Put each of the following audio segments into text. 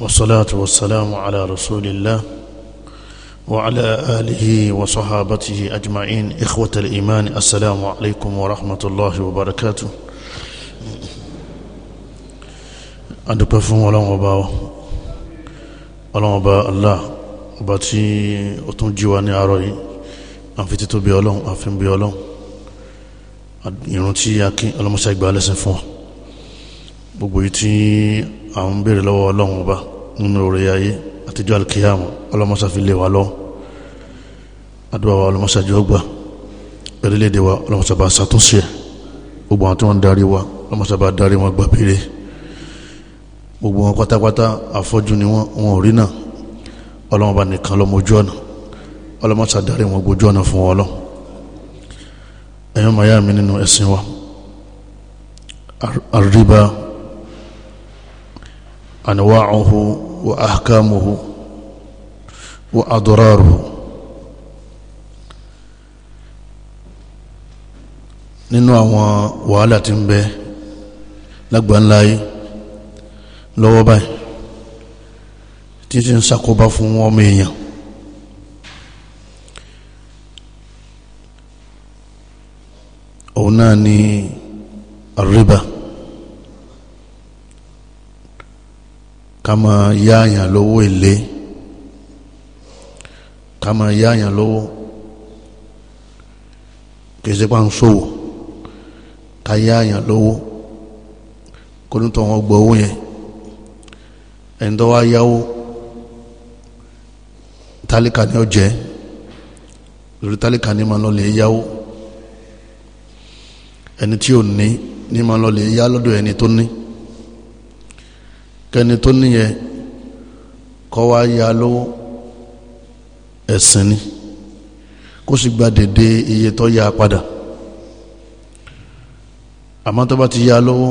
والصلاة والسلام على رسول الله وعلى آله وصحابته أجمعين إخوة الإيمان السلام عليكم ورحمة الله وبركاته أدوك فهم ولا مباو ولا مبا الله باتي أتم جواني أروي أنفتي تبي ألون أفهم بي ألون ìrun tí a kí ọlọ́mọṣẹ́ ìgbà à ń béèrè lọ́wọ́ ọlọ́run ọba nínú orí ayé àtijọ́ alikiyama ọlọ́mọsá fi lè wà lọ́wọ́ àdúrà wa ọlọ́mọsá jọ gbà orílẹ̀-èdè wa ọlọ́mọsá bá ṣàtúnṣe gbogbo àwọn tí wọ́n ń darí wa ọlọ́mọsá bá darí wọn gbà péré gbogbo wọn pátápátá afọ́jú ni wọn wọn ò rí náà ọlọ́wọ́n bá nìkan lọ́mọ ọ̀nà ọlọ́mọsá darí wọn gbójú ọ̀nà fún wọn lọ ẹ̀yọ́ أنواعه وأحكامه وأضراره nínú àwọn wàhálà tí ń bẹ lágbàńláyé lọ́wọ́ báyìí tí ń ṣàkóbá fún ọmọ èèyàn òun náà ni àríbá. ká máa yáàyàn lówó èlé ká máa yáàyàn lówó kèsì pa ń ṣòwò ká yáàyàn lówó kó ní tó wọn gbọ owó yẹn ẹni tó wá yáwó tálíkà ni ó jẹ lórí tálíkà ni máa lọ yáwó ẹni tí ò ní ní máa lọ yá lọ́dọ̀ ẹni tó ní kẹni tó níyẹn kọ́ wá ya lówó ẹ̀sìn ni kó sì gba dèdè iye tó ya padà àmọ́ tó bá ti ya lówó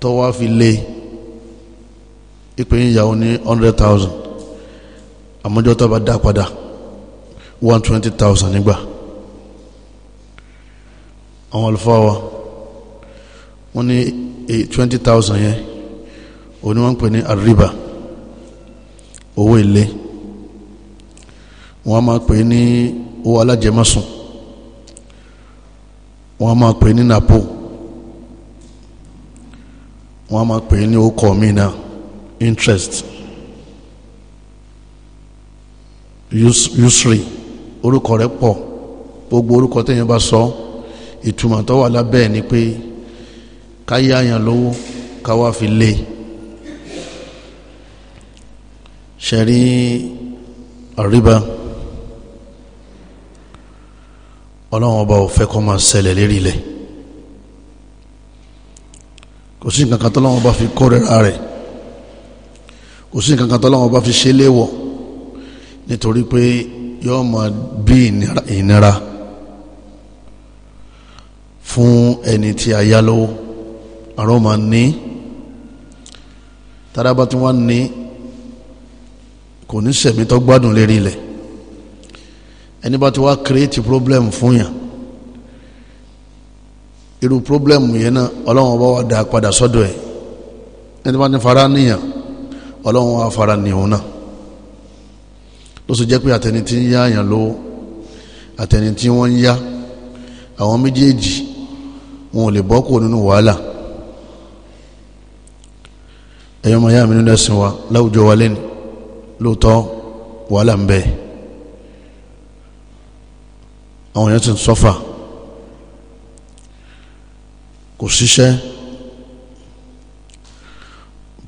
tó wá fi lé ìpè ìyàwó ní hundred thousand àmọ́jọ́ tó bá dá padà one twenty thousand nígbà àwọn olùfọwọ́ wọn ní eh, twenty thousand yẹn òní wọ́n ń pè ní àríbà owó èlé wọ́n máa pè ní owó alájẹmọ́sùn wọ́n máa pè ní napo wọ́n máa pè ní okọ̀ mi interest usury orúkọ rẹ̀ pọ̀ gbogbo orúkọ téèyàn bá sọ ìtumọ̀ tó wà lábẹ́ ẹ̀ ni pé ká àyàn lówó ká fi lé e. ṣẹ̀rí àríbá ọlọ́run ọba ò fẹ́ kó máa ṣẹlẹ̀ lérí ilẹ̀ kò sí nǹkan kan tó lọ́wọ́ bá fi kórìíra rẹ̀ kò sí nǹkan kan tó lọ́wọ́ bá fi ṣe léwọ̀ nítorí pé yóò máa bí ìnira fún ẹni tí a yá lówó àrọ́ máa ní tára tí wọ́n ní kò ní sẹ̀mí tó gbádùn lérí ilẹ̀ ẹni bá ti wá create problem fún yàn irú problem yẹn náà ọlọ́run bá wà dá padà sọ́dọ̀ ẹ̀ ẹni bá ní fara níyàn ọlọ́run wà fara níhun náà ló sì jẹ́ pé àtẹni tí ń yá àyàn lówó àtẹni tí wọ́n ń yá àwọn méjèèjì wọn ò lè bọ́ kúrò nínú wàhálà ẹ̀yọ́ mọ̀ yá mi nínú ẹ̀sìn wa láwùjọ wa lẹ́nu lóòótọ́ wàhálà ń bẹ àwọn èèyàn ti ń sọ́fà kò síṣẹ́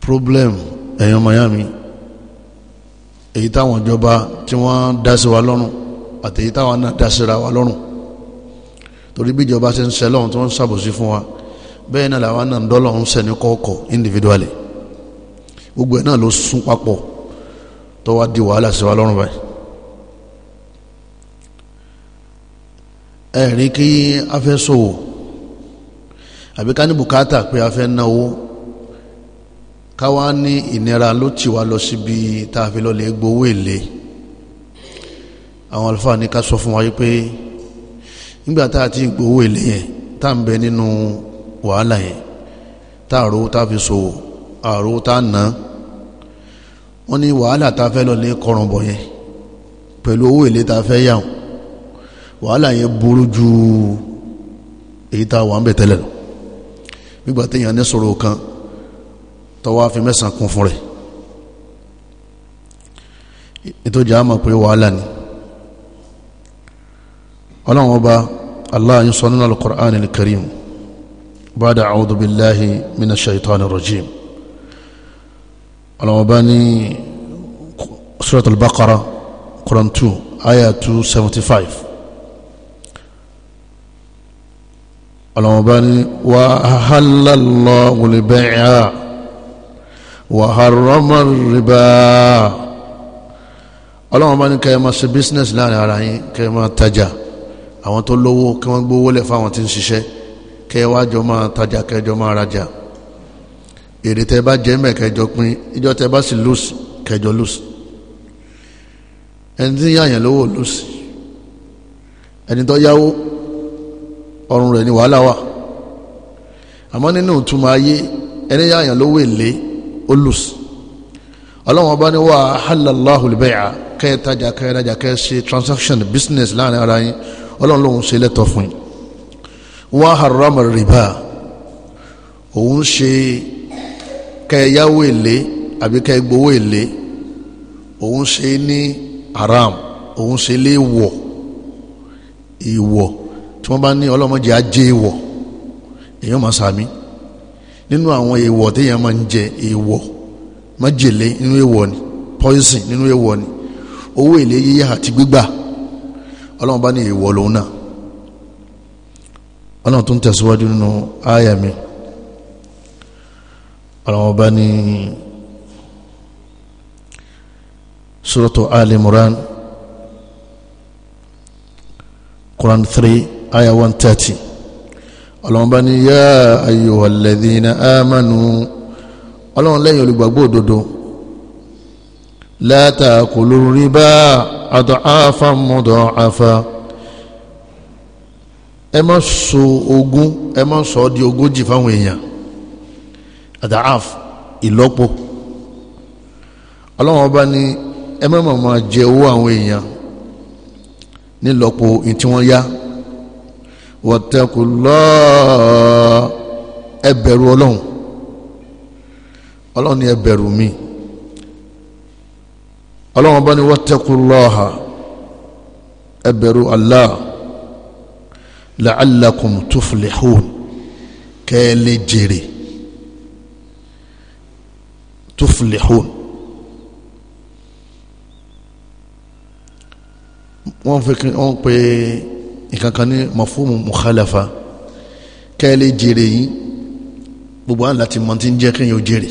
problem ẹ̀yàn miami èyí táwọn ìjọba tí wọ́n dá sí wa lọ́rùn àti èyí táwọn náà dá síra wa lọ́rùn torí bí ìjọba ṣe ń ṣe lọ́run tí wọ́n ń ṣàbòsí fún wa bẹ́ẹ̀ náà làwọn náà ń dọ́lọ́run ṣẹ̀ ní kọ́ọ̀kọ̀ individually gbogbo ẹ̀ náà ló sún papọ̀ tó wá di wàhálà sí wa lọ́rùn báyìí ẹ̀rí kí a fẹ́ ṣòwò àbí ká ní bùkátà pé a fẹ́ náwó ká wá ní ìnira ló tì wá lọ síbi tá a fi lọ lè gbowó èlé àwọn àlùfáà ní ká sọ fún wa pé nígbà tá a ti gbowó èlé yẹn tá à bẹ nínú wàhálà yẹn tá a tá a fi ṣòwò àrówó tá a ná wọ́n ní wàhálà tá a fẹ́ lọ lé kọrùnbọ̀ yẹn pẹ̀lú owó èlé tá a fẹ́ yà wọ́n wàhálà yẹn burú ju èyí tá a wà ń bẹ̀ tẹ́lẹ̀ lọ nígbà téèyàn ní sọ̀rọ̀ kan tọ́wọ́ àfi mẹ́sàn-án kún fún rẹ̀ ètò ìjà àmọ̀ pé wàhálà ni ọlọ́run ọba Allah yín nínú al-Qur'an al ba'da a'udhu billahi minash shaitanir rajim ọlọ́wọ́n bá ní suratul baqara quran two ayah two seventy five ọlọ́wọ́n bá ní wa ahalla Allahu al-bay'a wa harrama ar-riba ọlọ́wọ́n bá ní kẹ́ ẹ máa ṣe business láàrin ara yín kẹ́ ẹ máa tajà àwọn tó lówó kí wọ́n gbówó lẹ̀ fáwọn tí ń ṣiṣẹ́ kẹ́ ẹ wá jọ máa tajà kẹ́ ẹ jọ máa rajà èrè tẹ bá jẹ mẹ kẹjọ pin ìjọ tẹ bá sì lùsì kẹjọ lùsì ẹni tí yàyàn lówó lùsì ẹni tó yáwó ọrùn rẹ̀ ni wàhálà wà àmọ́ nínú ìtumọ̀ ayé ẹni yàyàn lówó èlé ó lùsì ọlọ́wọ́n bá ní wà halallahu al-bay'a kẹ́ tajà kẹ́ rajà kẹ́ ṣe transaction business láàrin ara yín ọlọ́run lòun ṣe lẹ́tọ̀ fún yín wa harrama riba òun ṣe. kẹ́ ẹ yáwó èlé àbí kẹ́ ẹ gbowó èlé òun ṣe ní haram òun ṣe lé wọ̀ ìwọ̀ tí wọ́n bá ní ọlọ́mọdé ajé ìwọ̀ èèyàn máa sàmí nínú àwọn ìwọ̀ téèyàn máa ń jẹ májèlé nínú ni poison nínú ìwọ̀ ni owó èlé yíyá àti gbígbà ọlọ́run ní ìwọ̀ lòun náà ọlọ́run tó ń nínú ọlọ́wọ́n bá ní suratu ali imran quran 3 aya 130 ọlọ́wọ́n bá ní yá ayyuhal ladhina amanu ọlọ́wọ́n lẹ́yìn olùgbàgbọ́ òdodo la taakulu riba ad'afan mud'afa ẹ má so ogún ẹ má sọ ọ́ ogójì fáwọn èèyàn adaaf ìlọ́po ọlọ́wọ́n ọba ní ẹ má má máa jẹ owó àwọn èèyàn nílọ́po ní tí wọ́n yá wọ́tẹ́kù lọ́ọ́ ẹ bẹ̀rù ọlọ́run ọlọ́run ní ẹ mi ọlọ́run ọba ní wọ́tẹ́kù lọ́ọ̀ha ẹ Allah la'allakum tuflihun kẹ́ ẹ jèrè tuflihun wọ́n fẹ́ kí wọ́n pe ìkankan ní mafumu mukhalafa kẹ́lẹ́ jèrè yìí gbogbo àwọn láti mọ̀ ń jẹ́ kéèyàn ó jèrè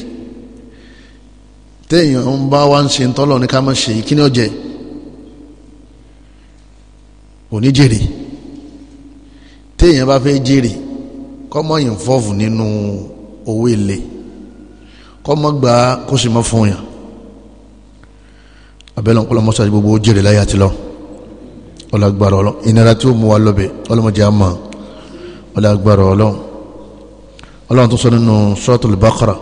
téèyàn ń bá wá ń ṣe ń tọ́lọ̀ ní ká má ṣe kí ni ó jẹ́ òní jèrè téèyàn bá fẹ́ jèrè kọ́mọ̀yìn fọ́ọ̀fù nínú owó ilé kọ́ mọ́ gbà kó sì mọ́ fún yàn abẹ́lẹ̀ ńkọ́lọ́ mọ́sáàjì gbogbo ó jèrè láyé àti lọ ọlágbára ọlọ́ ìnira tí ó mú wa lọ́bẹ̀ ọlọ́mọdé á mọ̀ ọlágbára ọlọ́ ọlọ́run tó sọ nínú suratul Baqara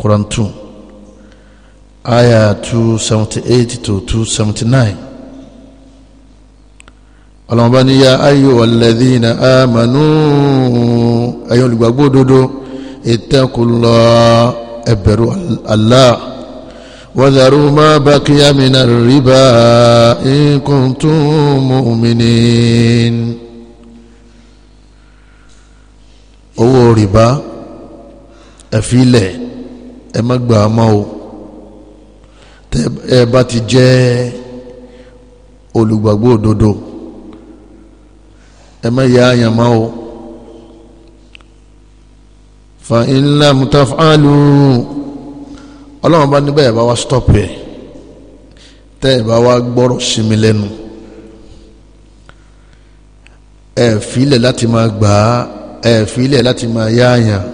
Quran two aya two seventy eight to two seventy nine ọlọ́run bá ní ya ayyuhal ladhina amanu ẹ̀yin olùgbàgbọ́ òdodo ittaqullah ẹ bẹ̀rù Allah wàzàrú má bá kíyà mìíràn rìbá in kuntum mu'minin owó rìbá ẹ̀fílẹ̀ ẹ má gbà á mọ́ o tẹ́ ẹ bá ti jẹ́ olùgbàgbọ́ òdodo ẹ má yá àyàn mọ́ o fa in lam taf'alu ọlọ́run bá níbẹ̀ ẹ̀ bá wá stop ẹ̀ tẹ́ ẹ̀ bá wá gbọ́rọ̀ sí mi lẹ́nu ẹ̀ filẹ̀ láti máa gbà á ẹ̀ filẹ̀ láti máa yáàyàn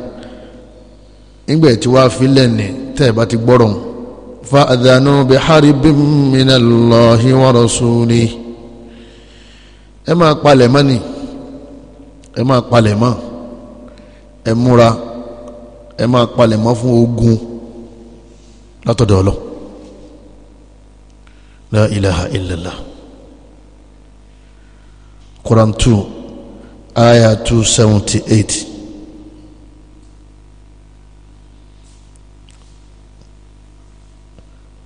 nígbà tí wàá filẹ̀ ni tẹ́ ẹ̀ bá ti gbọ́rọ̀ fa adhanu bi harbin minallahi wa rasulihi ẹ máa palẹ̀ mọ́ ni ẹ máa palẹ̀ mọ́ ẹ múra ẹ máa palẹ̀ mọ́ fún ogun látọ̀dọ̀ ọlọ́ la ilaha illallah Quran two aya two seventy eight.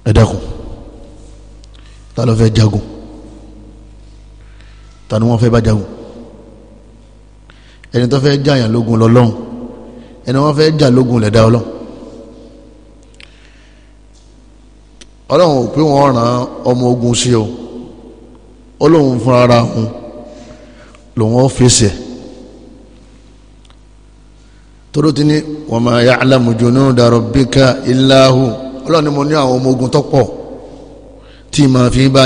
ẹ dákun ta ló fẹ́ jagun ta ni wọ́n fẹ́ bá jagun ẹni tó fẹ́ jàyàn lógun lọ́lọ́run ẹni wọ́n fẹ́ jà lógun lẹ̀dá ọlọ́run ọlọ́run ò pé ràn ọmọ ogun sí o ó fún ara lòun ó fèsì ẹ̀ tóró ti ní wa ma ya'lamu ni mo ní àwọn ọmọ ogun tó pọ̀ tí fi bá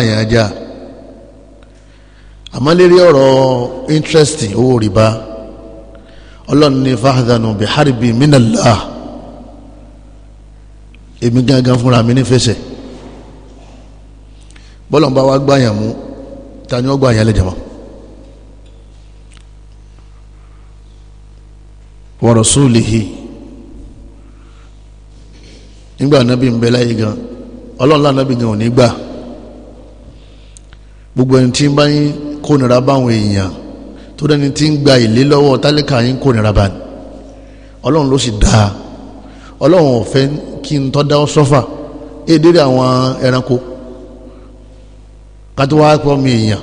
àmọ́ lérí ọ̀rọ̀ ọlọ́run ní fahadhanu bi harbi minallah èmi gángan fúnra mi nífẹsẹ̀ bọ́lọ̀ ń bá wa gbàyàn mú ta ni wọ́n gbàyàn lẹ́jẹ̀ mọ́ wa rasulihi nígbà nábì ń bẹ láyé gan ọlọ́run lánàbì gan ò ní gbà gbogbo ẹni tí ń bá yín kónira báwọn èèyàn tó dẹni tí ń gba ìlé lọ́wọ́ tálíkà yín kò nira bá ní ọlọ́run ló sì dáa ọlọ́run ò kí n tọ́ da ọ sọ́fà èdèrè àwọn ẹranko kátó wá pọ̀ mi èèyàn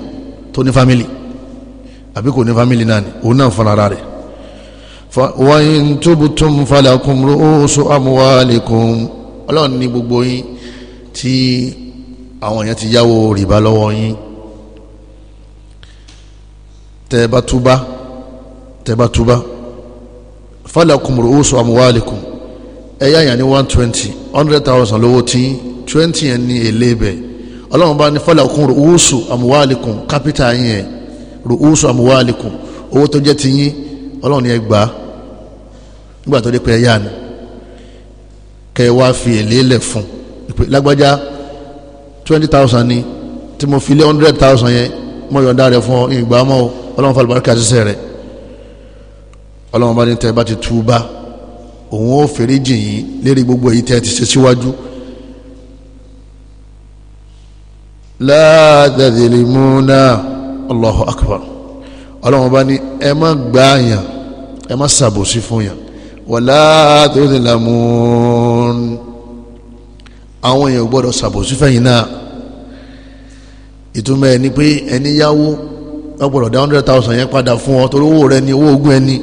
tó ní fámìlì àbí kò ní fámìlì náà ni òun náà fọ́n ara rẹ̀ wa in tubtum falakum ru'usu amwalikum ọlọ́run ní gbogbo yín tí àwọn èèyàn ti yáwó rìbá lọ́wọ́ yín tẹ́ẹ̀bá túbá tẹ́ẹ̀bá túbá falakum ru'usu amwalikum ẹ̀yà ní one twenty hundred thousand lówó tí twenty yẹn ní èlé bẹ̀ ọlọ́run bá ní falakum ru'usu amwalikum kápítà yẹn ru'usu amwalikum owó tó jẹ́ tiyín ọlọ́run yẹn gbà á nígbà tó dé pé ẹ̀yà ni kẹ́ ẹ wá fi èlé lẹ̀ fún lágbájá twenty thousand ni tí mo fi lé hundred thousand yẹn mo yọ̀ǹda rẹ̀ fún ìgbà mọ́ o ọlọ́run fa àlùbáríkà ṣiṣẹ́ rẹ̀ ọlọ́run bá ní tẹ́ bá ti túbá òun ó fèrè jìn yín lérí gbogbo èyí tẹ́ ti ṣe síwájú. láàdàdìlì múná Allahu akbar ọlọ́run bá ní ẹ má gbá yàn ẹ má ṣàbòsí fún yàn wàlá tó ti làmún àwọn èèyàn gbọ́dọ̀ ṣàbòsí fẹ́yìn náà ìtumọ̀ ẹ ni pé ẹni yáwó wọ́n gbọ́dọ̀ dá hundred thousand yẹn padà fún ọ torí owó rẹ ni owó ogún ẹni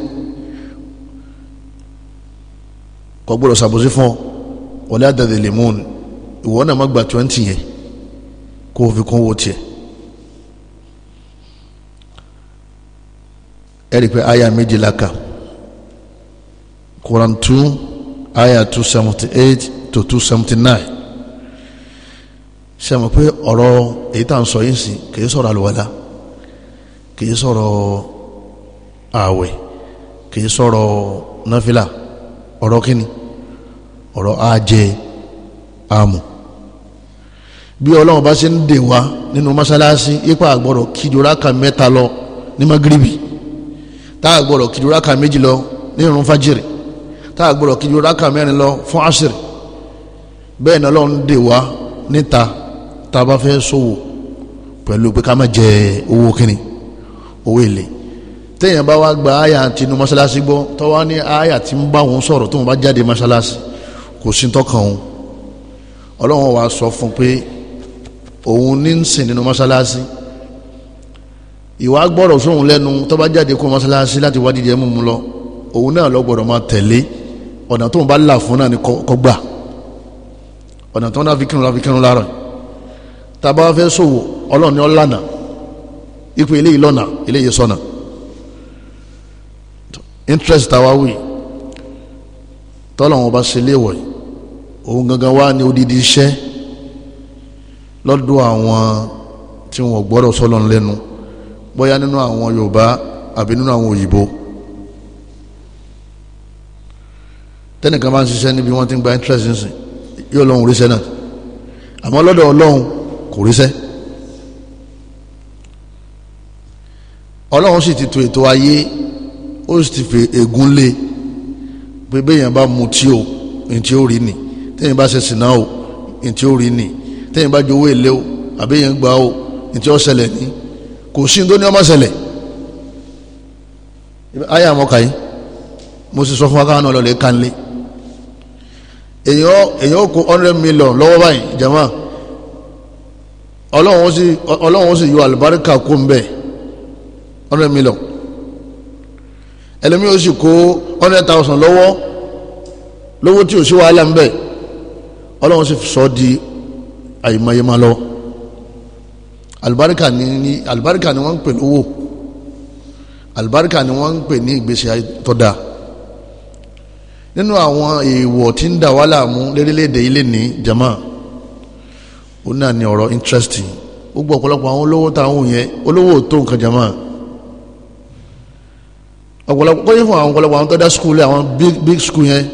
kò gbọ́dọ̀ ṣàbòsí fún ọ wọlé àdàdè lemon ìwọ náà má gba twenty yẹn kó o fi kún owó tiẹ̀ ẹ pé aya méjìlá kà Quran two aya two seventy eight to two seventy nine ṣe mọ̀ pé ọ̀rọ̀ èyí tá à ń sọ yìí sìn kì í sọ̀rọ̀ àlùwàlá. kìí sọ̀rọ̀ ààwẹ̀ kìí sọ̀rọ̀ náfìlà ọ̀rọ̀ kíni ọ̀rọ̀ ajé àmù bí ọlọ́run bá ṣe ń dè wá nínú mọ́ṣáláṣí ipa àgbọ̀rọ̀ kìjọ́ráka mẹ́ta lọ ní tá àgbọ̀rọ̀ méjì lọ ní irun fajiri tá àgbọ̀rọ̀ kìjọ́ráka mẹ́rin lọ fún asiri ni ọlọ́run dè wá níta tá a bá fẹ́ pẹ̀lú pé ká má jẹ owó owó èlé téèyàn bá wá gba àyà tinú mọ́ṣáláṣí gbọ́ tó wá ní àyà tí ń bá òun sọ̀rọ̀ tóun bá jáde mọ́ṣáláṣí kò sí tọkàn òun ọlọ́run wa sọ fún pé òun ní ń sìn nínú mọ́ṣáláṣí ìwà gbọ́rọ̀ sóhun lẹ́nu tó bá jáde kó mọ́ṣáláṣí láti wá dídí ẹ̀mú mu lọ òun náà lọ gbọ́dọ̀ máa tẹ̀lé ọ̀nà tóun bá là fún náà ni kó gbà ọ̀nà tóun náà fi kírun láfi kírun lára tá a bá fẹ́ sòwò ọlọ́run ni ó lànà ipò eléyìí lọ́nà eléyìí sọ́nà interest tàwa wì tọ́lọ̀ wọn bá ṣe léwọ̀ yìí òun gangan wá ní odidi iṣẹ́ lọ́dọ̀ àwọn tí wọ́n gbọ́dọ̀ sọ́lọ̀ lẹ́nu bóyá nínú àwọn Yorùbá àbí nínú àwọn òyìnbó tẹ́nìkan bá ń ṣiṣẹ́ níbi wọ́n ti ń gba interest nsìn yóò lọ́hùn ríṣẹ́ náà àmọ́ lọ́dọ̀ Ọlọ́hun kò ríṣẹ́ ọlọ́run sì ti tò ètò ayé ó sì ti fi ègún lé pé béèyàn bá mutí o ní tí ó rí ni téèyàn bá ṣe sìnà o ní tí rí ni téèyàn bá jowó èlé o àbẹ́yẹn gbà o ní tí ó ṣẹlẹ̀ ní kò sí ní tó ní ọmọ ṣẹlẹ̀ ayé àmọ́ kàyí mo sì sọ fún wa káwọn náà lọ́ọ́ lè èèyàn èèyàn kó hundred million lọ́wọ́ báyìí jama ọlọ́run ó sì yọ àlùbáríkà kó ń bẹ́ẹ̀ hundred million ẹlẹ́mi ó sì kó hundred thousand lọ́wọ́ lówó tí ò sí wàhálà ń bẹ̀ ọlọ́run sì sọ di àyèmáyèmá lọ alibarika ni ni alibarika ni wọ́n ń pè lówó alibarika ni wọ́n ń pè ní ìgbésí tọ́da nínú àwọn èèwọ̀ tí ń dà wá láàmú lérílẹ̀ ilé ní jama ó náà ní ọ̀rọ̀ interesting ó gbọ́ ọ̀pọ̀lọpọ̀ àwọn olówó táwọn yẹn olówó tó nǹkan jama ọ̀pọ̀lọpọ̀ kọ́yé fún àwọn ọ̀pọ̀lọpọ̀ àwọn tó dá skul àwọn big big skul yẹn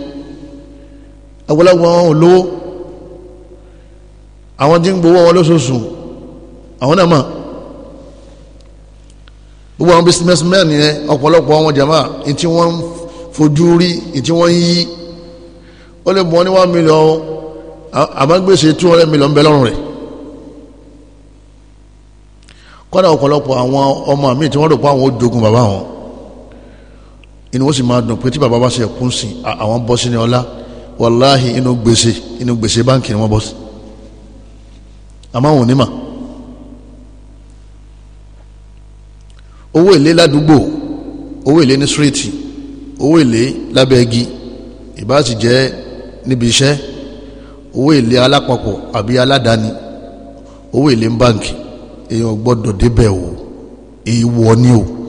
ọ̀pọ̀lọpọ̀ àwọn olówó àwọn tí ń gbowó wọn lóṣooṣù àwọn náà mọ̀ gbogbo àwọn businessmen yẹn ọ̀pọ̀lọpọ̀ àwọn jama etí wọ́n ń fojú rí etí wọ́n ń yí ó lè bọ́ ní one million àmọ́ gbèsè two hundred million bẹ́ẹ̀ lọ́rùn rẹ̀ kọ́dà ọ̀pọ̀lọpọ̀ àwọn ọmọ mi tí wọ́n rò pé àwọn ò inú ó sì máa dùn pé tí bàbá bá ṣe ẹ̀kún sìn àwọn bọ́ sí ní ọlá wàláhì inú gbèsè inú gbèsè báǹkì ni wọ́n bọ́ sí àmọ́ àwọn onímọ̀ owó èlé ládùúgbò owó èlé ní síríìtì owó èlé lábẹ́ igi ìbá sì jẹ́ níbi iṣẹ́ owó èlé alápapọ̀ àbí aládàáni owó èlé ń báǹkì èèyàn gbọ́dọ̀ débẹ̀ o èèwọ̀ ni o. E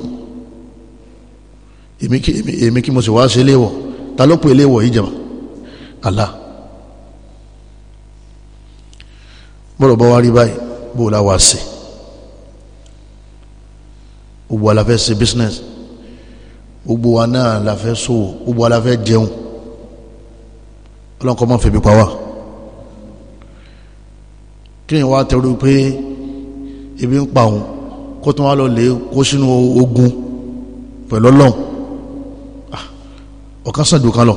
èmi kí mo sì wá sí iléèwọ̀ ta ló pè iléèwọ̀ yìí jẹba Allah bọ́rọ̀ bá wá rí báyìí bó la wá sí gbogbo la fẹ́ ṣe business gbogbo wa náà la fẹ́ ṣòwò gbogbo la fẹ́ jẹun ọlọ́nkọ́ máa fẹ̀bi pa wá kí ni wàá tẹ̀rù pé ebi ń pa òun kó tún wá lọ lè kó sínú ogun pẹ̀lú ọlọ́run ọ̀kan sàn dùkan lọ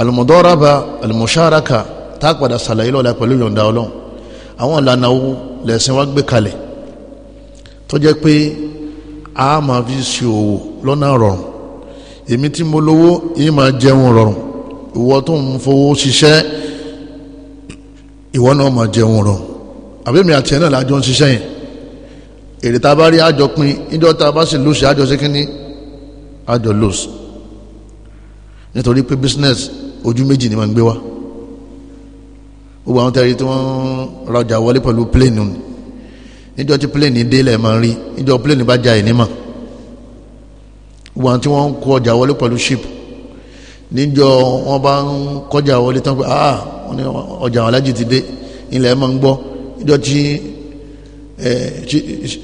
alùmọ̀dọ́raba alùmọ̀ṣáraka tá a padà ṣàlàyé lọ́la pẹ̀lú yọ̀ǹda ọlọ́run àwọn ìlànà owó lẹ́sìn wa gbé kalẹ̀ tó jẹ́ pé a máa fi ṣe òwò lọ́nà rọrùn èmi tí mo lówó yìí máa jẹun rọrùn ìwọ tó ń fowó ṣiṣẹ́ ìwọ náà máa jẹun rọrùn àbẹ́mi àti ẹ̀ náà lájọ ń ṣiṣẹ́ yẹn èrè tá a bá rí àjọ pin níjọ́ tá a bá sì lóṣì àjọ kínní àjọ lóṣì nítorí pé business ojú méjì ni máa ń gbé wá gbogbo àwọn tẹ́rí tí wọ́n rajà wọlé pẹ̀lú plane níjọ́ tí pléènì délẹ̀ máa ń rí níjọ́ pléènì bá ja ìnímọ̀ gbogbo àwọn tí wọ́n ń kó ọjà wọlé pẹ̀lú ship níjọ́ wọ́n bá ń kọjá wọlé tán pé ah ọjà àwọn alájì ti dé ilẹ̀ máa ń gbọ́ níjọ́ tí Eh,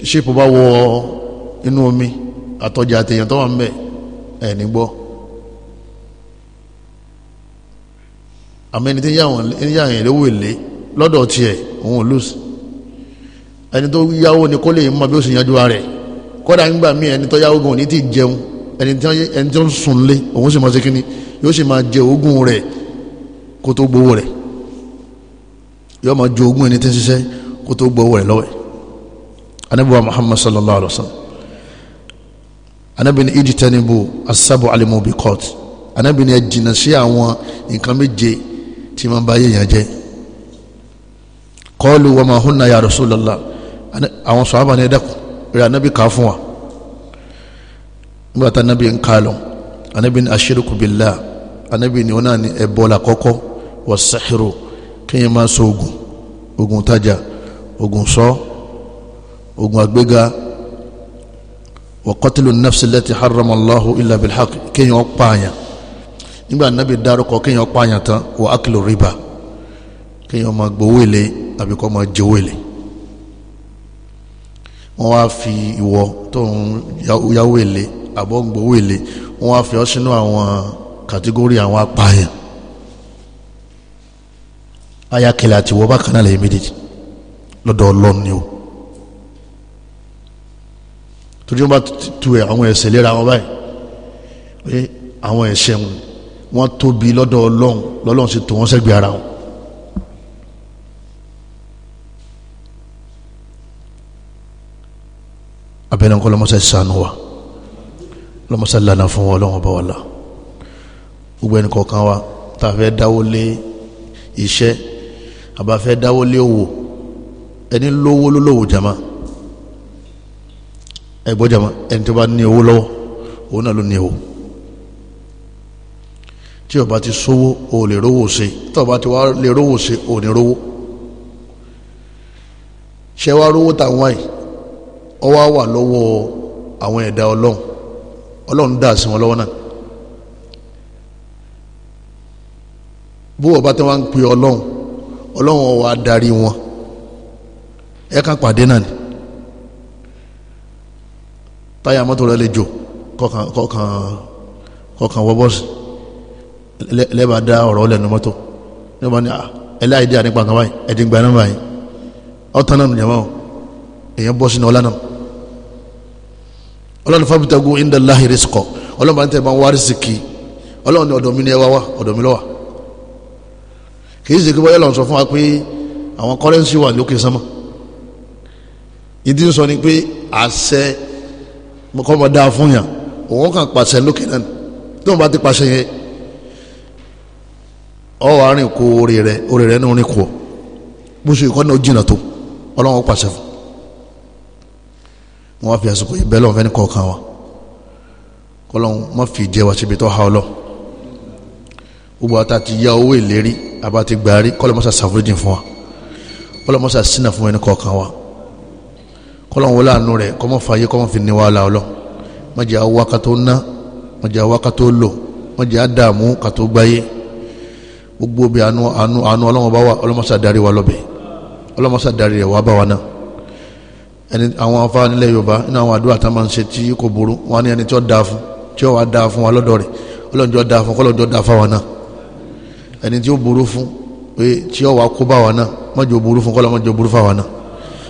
ṣépù bá wọ inú omi àtọ̀jà àtẹ̀yàn tó wà ń bẹ̀ ẹ̀ ní gbọ́ àmọ́ ẹni tí ń yá àyàn lówó èlé lọ́dọ̀ tiẹ̀ òun ò lùs ẹni tó yáwó ni kó lè mọ bí ó sì yanjú ara rẹ̀ kódà nígbà míì ẹni tó yáwó gan ò ní ti jẹun ẹni tí ń sùn lé òun sì máa ṣe kínní yóò sì máa jẹ ogún rẹ̀ kó tó gbowó rẹ̀ yóò máa jẹ ogún ẹni tí ń ṣiṣẹ́ kó tó gbowó rẹ̀ lọ́wọ́ ẹ̀ anabi wa muhammad sallallahu alaihi wa sallam anabi ni ijitanibu asabu alimubikot anabi ni ẹ jìnnà sí àwọn nǹkan méje tí ma ba yé yẹn jẹ́ kọlu wa ma hunna ya rasulallah àwọn sọ̀hábà ni ẹ dẹ́kun rẹ anabi kà á fún wa nígbà tá anabi ń kà lọ anabi ni ashiriku billah anabi ni ọ̀nà ni ẹbọ la wa sahiru kéèyàn máa so oògùn oògùn tajà oògùn sọ́ọ́ ogun àgbéga wa qatlu nafsi lati harrama allahu illa bilhaq kéèyàn pààyàn nígbà nábì dárúkọ kéèyàn pààyàn tán wa aklu riba kéèyàn máa gbowó èlé àbí kó máa jowó èlé wọ́n wá fi ìwọ tó ń yáwó èlé àbọ̀ ń gbowó fi ọ́ sínú àwọn kàtígórì àwọn apààyàn ayakẹlẹ àti ìwọ bákan náà lẹ́yìn méjèèjì lọ́dọ̀ ni o torí wọn bá tu ẹ àwọn ẹ̀ṣẹ̀ lera wọn báyìí pé àwọn ẹ̀ṣẹ̀ wọn wọn tóbi lọ́dọ̀ Ọlọ́run lọ́lọ́run sì tó wọn sẹ́gbẹ̀ẹ́ ara wọn. abẹ́nà kọ́ lọ́mọ́sá sànù wa lọ́mọ́sá lànà fún wọn lọ́wọ́ bá wà gbogbo ẹnì kọ̀ọ̀kan wa tá a fẹ́ dáwọ́ lé iṣẹ́ àbá fẹ́ dáwọ́ lé owó ẹni lówó lólówó jama ẹ gbọ́dọ̀ mọ ẹni tó bá ní owó lọ́wọ́ òun náà ló ní owó tí o bá ti sówó o lè rówó ṣe tó o bá ti wá lè rówó ṣe o ní rówó ṣe wá rówó táwọn yìí ọ wá wà lọ́wọ́ àwọn ẹ̀dá ọlọ́run ọlọ́run dà sí wọn lọ́wọ́ náà bó o bá ti ń pe ọlọ́run ọlọ́run ó wá darí wọn ẹ pàdé náà ni táyà mọ́tò rẹ̀ lè jò kọ̀kan kọ̀kan kọ̀kan wọ bọ́ọ̀sì lẹ́bàá dá ọ̀rọ̀ lẹ́nu mọ́tò ní wọ́n ah, ní ẹláìdí ànípa kan báyìí ẹ̀díngbà náà báyìí ọ̀tán náà nìyẹn wọn èèyàn bọ́ sínú ọlá náà ọlọ́run fábítàgù inda Allahi rizqa ọlọ́run bá ń tẹ̀ máa ń wá rìsíkì ọlọ́run ní ọ̀dọ̀ mi ní ẹ wá wá ọ̀dọ̀ mi lọ́wọ́ kìí ṣe kí wọ́n yẹ lọ́n sọ fún wa pé àwọn kọ́rẹ́nsì wà lókè sánmọ́ ìdí ń sọ ni pé àṣẹ kọ́ máa dáa fún yàn òun kàn pàṣẹ lókè náà tí wọ́n bá ti pàṣẹ yẹn ọ wà rìn kó orí rẹ orí rẹ ní orin kọ bó ṣe ìkọ́ náà jìnnà tó ọlọ́run pàṣẹ fún wọn wá fi àsìkò yìí bẹ́ẹ̀ lọ́wọ́ fẹ́ni kọ̀ọ̀kan wa kọ́lọ́run má fi jẹ́ wa síbi tó ha ọ lọ gbogbo ata ti ya owó ìlérí àbá ti gbàrí kọ́lọ́ sàfúrìjì fún wa kọ́lọ́ mọ́sá sínà fún ẹni kọ̀ọ̀kan wa kọ́lọ́n wọlé àánú rẹ̀ kọ́mọ́ fààyè kọ́mọ́ fi ní wàhálà ọlọ́ mọ̀jẹ̀ awa ká tó ná mọ̀jẹ̀ awa ká tó lò mọ̀jẹ̀ àdààmú ká tó gbáyé gbogbo bí àánú àánú àánú ọlọ́wọ́n bá wà ọlọ́mọṣà darí wa lọ́bẹ̀ ọlọ́mọṣà darí rẹ̀ wá bá wa náà ẹni àwọn afáà nílẹ̀ Yorùbá nínú àwọn àdúrà tá a máa ń ṣe tí kò burú wọn ní ẹni tí ó dáa fún tí ó wà dáa fún wa lọ́dọ̀ rẹ̀ ọlọ́njọ́ dáa fún kọ́lọ́njọ́ dáa fáwa náà ẹni tí ó burú fún pé tí ó wà kó bá wa náà mọ́jọ́ burú fún kọ́lọ́ burú fáwa náà